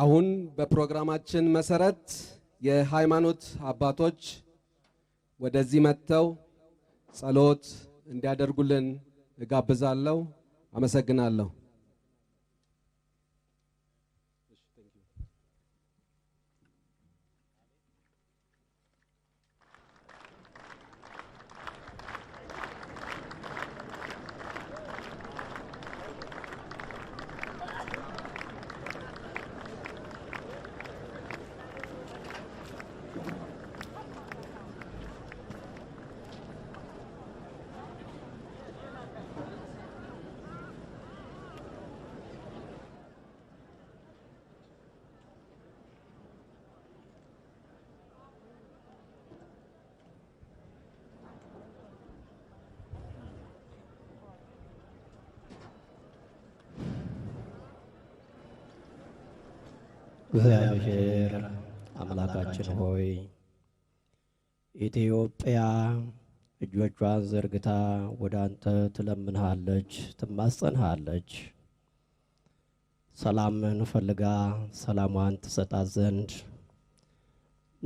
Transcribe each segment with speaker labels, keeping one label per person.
Speaker 1: አሁን በፕሮግራማችን መሰረት የሃይማኖት አባቶች ወደዚህ መጥተው ጸሎት እንዲያደርጉልን እጋብዛለሁ። አመሰግናለሁ።
Speaker 2: እግዚአብሔር አምላካችን ሆይ ኢትዮጵያ እጆቿን ዘርግታ ወደ አንተ ትለምንሃለች፣ ትማጸንሃለች። ሰላምን ፈልጋ ሰላሟን ትሰጣት ዘንድ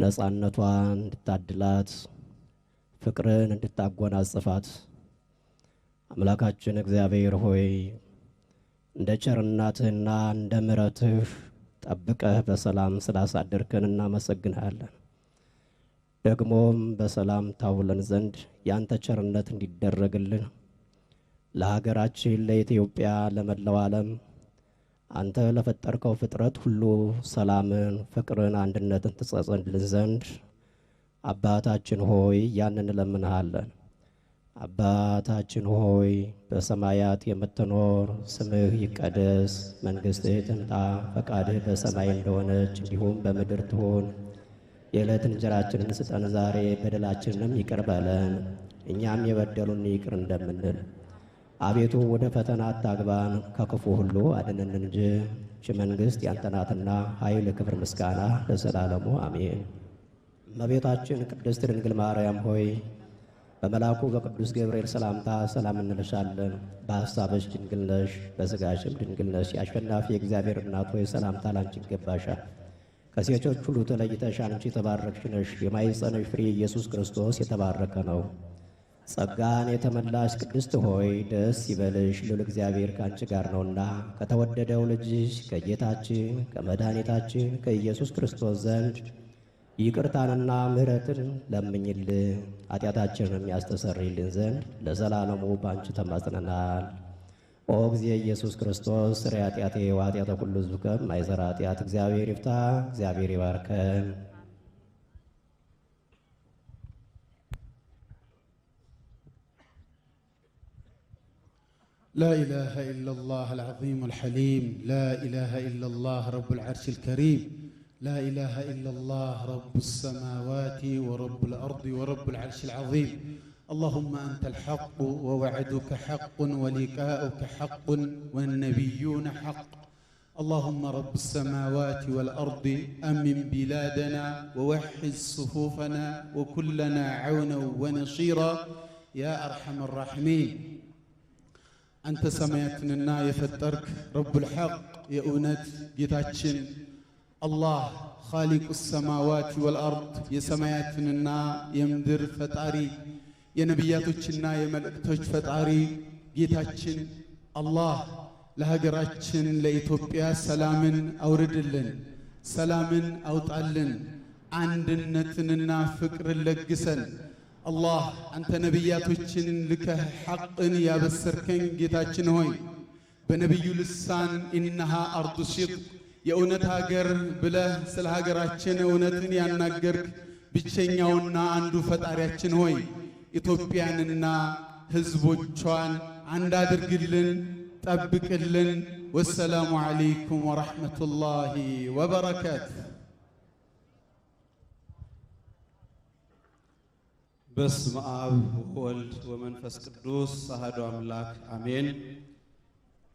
Speaker 2: ነፃነቷን እንድታድላት ፍቅርን እንድታጎናጽፋት አምላካችን እግዚአብሔር ሆይ እንደ ቸርናትህና እንደ ምረትህ ጠብቀህ በሰላም ስላሳደርከን እናመሰግንሃለን። ደግሞም በሰላም ታውለን ዘንድ ያንተ ቸርነት እንዲደረግልን ለሀገራችን፣ ለኢትዮጵያ፣ ለመላው ዓለም አንተ ለፈጠርከው ፍጥረት ሁሉ ሰላምን፣ ፍቅርን፣ አንድነትን ትጸጸልን ዘንድ አባታችን ሆይ ያንን እለምንሃለን። አባታችን ሆይ በሰማያት የምትኖር ስምህ ይቀደስ፣ መንግሥትህ ትምጣ፣ ፈቃድህ በሰማይ እንደሆነች እንዲሁም በምድር ትሆን የዕለት እንጀራችንን ስጠን ዛሬ፣ በደላችንንም ይቅር በለን እኛም የበደሉን ይቅር እንደምንል። አቤቱ ወደ ፈተና አታግባን፣ ከክፉ ሁሉ አድነን እንጂ ሽ መንግሥት ያንተ ናትና ኃይል፣ ክብር፣ ምስጋና ለዘላለሙ አሜን። እመቤታችን ቅድስት ድንግል ማርያም ሆይ በመልአኩ በቅዱስ ገብርኤል ሰላምታ ሰላም እንልሻለን። በሐሳብሽ ድንግል ነሽ፣ በሥጋሽም ድንግል ነሽ። የአሸናፊ የእግዚአብሔር እናት ሆይ ሰላምታ ላንቺ ይገባሻል። ከሴቶች ሁሉ ተለይተሽ አንቺ የተባረክሽ ነሽ። የማኅፀንሽ ፍሬ ኢየሱስ ክርስቶስ የተባረከ ነው። ጸጋን የተመላሽ ቅድስት ሆይ ደስ ይበልሽ፣ ልዑል እግዚአብሔር ከአንቺ ጋር ነውና ከተወደደው ልጅሽ ከጌታችን ከመድኃኒታችን ከኢየሱስ ክርስቶስ ዘንድ ይቅርታንና ምሕረትን ለምኝልን ኃጢአታችንን የሚያስተሰርይልን ዘንድ ለዘላለሙ ባንቺ ተማጽነናል። ኦ ጊዜ ኢየሱስ ክርስቶስ ስሬ ኃጢአቴ ወኃጢአተ ኩሉ ሕዝብ ከመ ማይሰራ ኃጢአት እግዚአብሔር ይፍታ። እግዚአብሔር ይባርከን።
Speaker 3: لا إله إلا الله العظيم الحليم لا إله إلا الله رب العرش الكريم لا إله إلا الله رب السماوات ورب الأرض ورب العرش العظيم اللهم أنت الحق ووعدك حق ولقاؤك حق والنبيون حق اللهم رب السماوات والأرض أمن بلادنا ووحد صفوفنا وكلنا عونا ونصيرا يا أرحم الراحمين أنت سمعتنا يا فترك رب الحق يا أونت جيتاتشن አላህ ኻሊቁ ሰማዋት ወልአርድ የሰማያትንና የምድር ፈጣሪ የነቢያቶችና የመልእክቶች ፈጣሪ ጌታችን አላህ ለሀገራችን ለኢትዮጵያ ሰላምን አውርድልን፣ ሰላምን አውጣልን፣ አንድነትንና ፍቅርን ለግሰን። አላህ አንተ ነቢያቶችን ልከህ ሐቅን ያበሰርከኝ ጌታችን ሆይ በነቢዩ ልሳን ኢነሃ አርዱ ሲድቅ የእውነት ሀገር ብለህ ስለ ሀገራችን እውነትን ያናገርክ ብቸኛውና አንዱ ፈጣሪያችን ሆይ ኢትዮጵያንና ሕዝቦቿን አንድ አድርግልን፣ ጠብቅልን። ወሰላሙ ዓለይኩም ወረሕመቱላሂ ወበረካት በስመ አብ ወወልድ ወመንፈስ ቅዱስ አሐዱ አምላክ አሜን።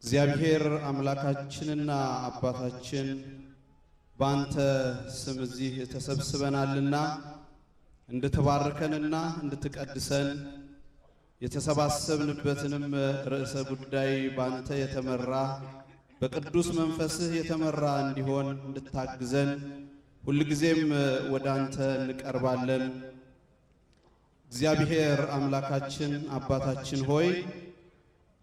Speaker 3: እግዚአብሔር አምላካችንና አባታችን በአንተ ስም እዚህ ተሰብስበናልና እንድትባርከንና እንድትቀድሰን የተሰባሰብንበትንም ርዕሰ ጉዳይ ባንተ የተመራ በቅዱስ መንፈስህ የተመራ እንዲሆን እንድታግዘን ሁልጊዜም ወደ አንተ እንቀርባለን። እግዚአብሔር አምላካችን አባታችን ሆይ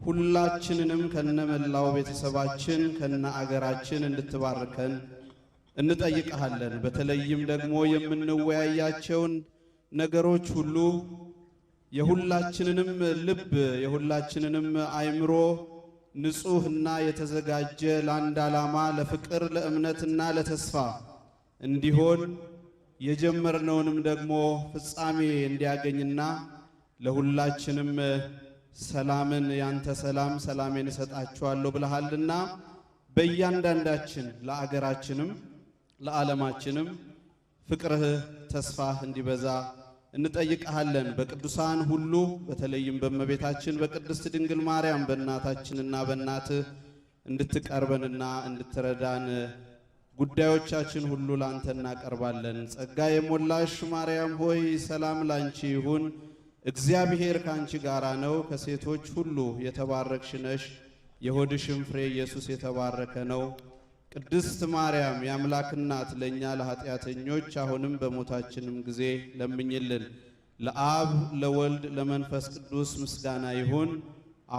Speaker 3: ሁላችንንም ከነመላው ቤተሰባችን ከነ አገራችን እንድትባርከን እንጠይቀሃለን። በተለይም ደግሞ የምንወያያቸውን ነገሮች ሁሉ የሁላችንንም ልብ የሁላችንንም አይምሮ ንጹህና የተዘጋጀ ለአንድ ዓላማ ለፍቅር፣ ለእምነትና ለተስፋ እንዲሆን የጀመርነውንም ደግሞ ፍጻሜ እንዲያገኝና ለሁላችንም ሰላምን ያንተ ሰላም ሰላሜን እሰጣችኋለሁ ብለሃልና በእያንዳንዳችን ለአገራችንም ለዓለማችንም ፍቅርህ ተስፋህ እንዲበዛ እንጠይቀሃለን። በቅዱሳን ሁሉ በተለይም በእመቤታችን በቅድስት ድንግል ማርያም በእናታችንና በእናትህ እንድትቀርበንና እንድትረዳን ጉዳዮቻችን ሁሉ ላንተ እናቀርባለን። ጸጋ የሞላሽ ማርያም ሆይ ሰላም ላንቺ ይሁን። እግዚአብሔር ከአንቺ ጋር ነው፣ ከሴቶች ሁሉ የተባረክሽ ነሽ፣ የሆድሽም ፍሬ ኢየሱስ የተባረከ ነው። ቅድስት ማርያም የአምላክ እናት ለእኛ ለኃጢአተኞች አሁንም በሞታችንም ጊዜ ለምኝልን። ለአብ ለወልድ ለመንፈስ ቅዱስ ምስጋና ይሁን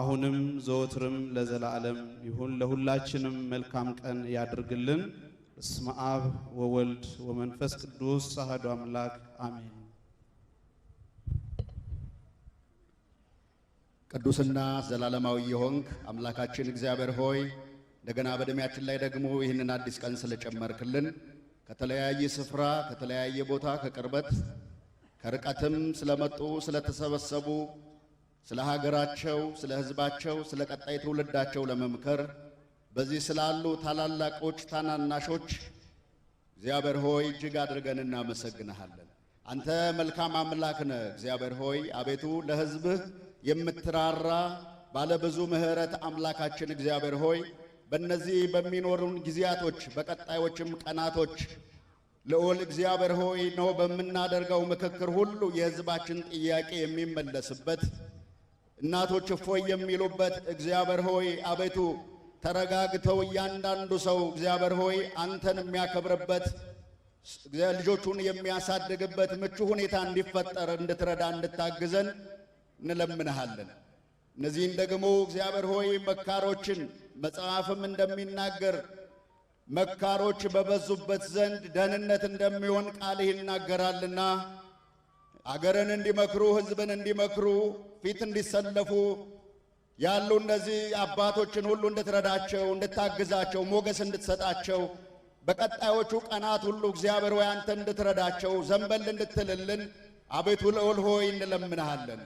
Speaker 3: አሁንም ዘወትርም ለዘላለም ይሁን። ለሁላችንም መልካም ቀን ያድርግልን። እስመ አብ ወወልድ ወመንፈስ ቅዱስ አሐዱ አምላክ አሜን።
Speaker 4: ቅዱስና ዘላለማዊ የሆንክ አምላካችን እግዚአብሔር ሆይ እንደገና በእድሜያችን ላይ ደግሞ ይህንን አዲስ ቀን ስለጨመርክልን ከተለያየ ስፍራ ከተለያየ ቦታ ከቅርበት ከርቀትም ስለመጡ ስለተሰበሰቡ ስለ ሀገራቸው፣ ስለ ሕዝባቸው፣ ስለ ቀጣይ ትውልዳቸው ለመምከር በዚህ ስላሉ ታላላቆች፣ ታናናሾች እግዚአብሔር ሆይ እጅግ አድርገን እናመሰግንሃለን። አንተ መልካም አምላክ ነህ። እግዚአብሔር ሆይ አቤቱ ለሕዝብህ የምትራራ ባለብዙ ምሕረት አምላካችን እግዚአብሔር ሆይ በእነዚህ በሚኖሩን ጊዜያቶች በቀጣዮችም ቀናቶች ልዑል እግዚአብሔር ሆይ ነው በምናደርገው ምክክር ሁሉ የሕዝባችን ጥያቄ የሚመለስበት እናቶች እፎይ የሚሉበት እግዚአብሔር ሆይ አቤቱ ተረጋግተው እያንዳንዱ ሰው እግዚአብሔር ሆይ አንተን የሚያከብርበት ልጆቹን የሚያሳድግበት ምቹ ሁኔታ እንዲፈጠር እንድትረዳ እንድታግዘን እንለምንሃለን። እነዚህን ደግሞ እግዚአብሔር ሆይ መካሮችን መጽሐፍም እንደሚናገር መካሮች በበዙበት ዘንድ ደህንነት እንደሚሆን ቃልህ ይናገራልና አገርን እንዲመክሩ ሕዝብን እንዲመክሩ ፊት እንዲሰለፉ ያሉ እነዚህ አባቶችን ሁሉ እንድትረዳቸው እንድታግዛቸው ሞገስ እንድትሰጣቸው በቀጣዮቹ ቀናት ሁሉ እግዚአብሔር ወይ አንተ እንድትረዳቸው ዘንበል እንድትልልን አቤቱ ልዑል ሆይ እንለምንሃለን።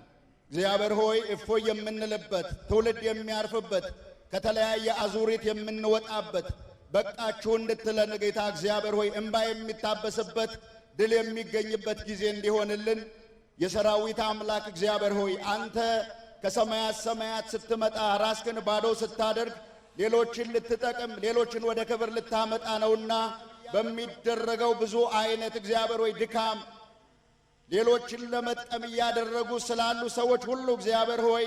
Speaker 4: እግዚአብሔር ሆይ እፎ የምንልበት ትውልድ የሚያርፍበት ከተለያየ አዙሪት የምንወጣበት በቃችሁ እንድትለን ጌታ እግዚአብሔር ሆይ እምባ የሚታበስበት ድል የሚገኝበት ጊዜ እንዲሆንልን የሰራዊት አምላክ እግዚአብሔር ሆይ አንተ ከሰማያት ሰማያት ስትመጣ ራስክን ባዶ ስታደርግ ሌሎችን ልትጠቅም ሌሎችን ወደ ክብር ልታመጣ ነውና በሚደረገው ብዙ አይነት እግዚአብሔር ሆይ ድካም ሌሎችን ለመጠም እያደረጉ ስላሉ ሰዎች ሁሉ እግዚአብሔር ሆይ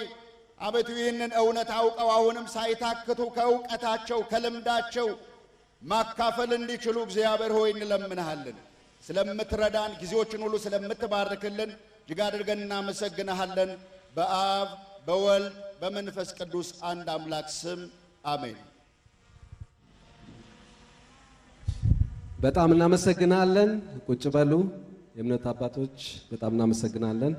Speaker 4: አቤቱ ይህንን እውነት አውቀው አሁንም ሳይታክቱ ከእውቀታቸው ከልምዳቸው ማካፈል እንዲችሉ እግዚአብሔር ሆይ እንለምንሃለን። ስለምትረዳን ጊዜዎችን ሁሉ ስለምትባርክልን እጅግ አድርገን እናመሰግንሃለን። በአብ በወልድ በመንፈስ ቅዱስ አንድ አምላክ ስም አሜን።
Speaker 5: በጣም እናመሰግናለን። ቁጭ በሉ። የእምነት አባቶች በጣም እናመሰግናለን።